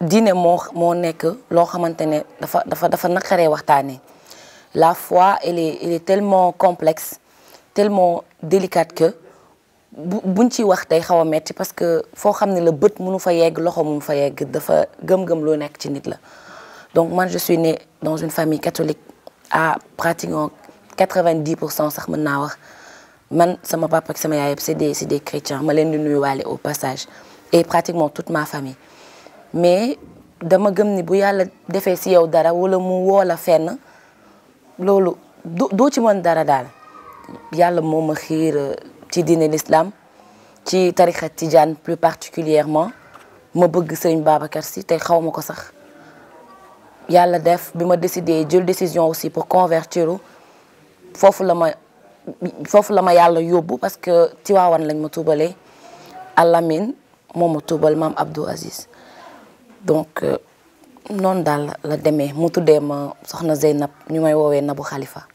diine mo mo nek lo xamantene dafa dafa dafa naqaree waxtaanee la foi elle est elle est tellement complexe tellement délicate que buñ ci wax tay xawa metti parce que fo xamné le beut bët mënu fa yegg loxo mënu fa yegg dafa gëm-gëm lo nek ci nit la. donc man je suis née dans une famille catholique à pratiquement 90% sax mën wax man sama papa ak sama yaye c'est des c'est des chrétiens ma leen di walé au passage et pratiquement toute ma famille mais dama gëm ni bu yalla défé ci yow dara wala mu wola fenn loolu do ci mën dara dal yalla moma ma euh, ci diné l'islam ci tarixa tidiane plus particulièrement ma bëgg serigne Babacar si te xaw ko sax yalla def bima décidé jël décision aussi pour convertir fofu la ma lama la ma parce que Tiwaawan lañ ma tuubalee alamin moma ma tuubal Abdou Aziz donc euh, non daal la demee mu tuddee ma soxna Zainab ñu may Nabou Khalifa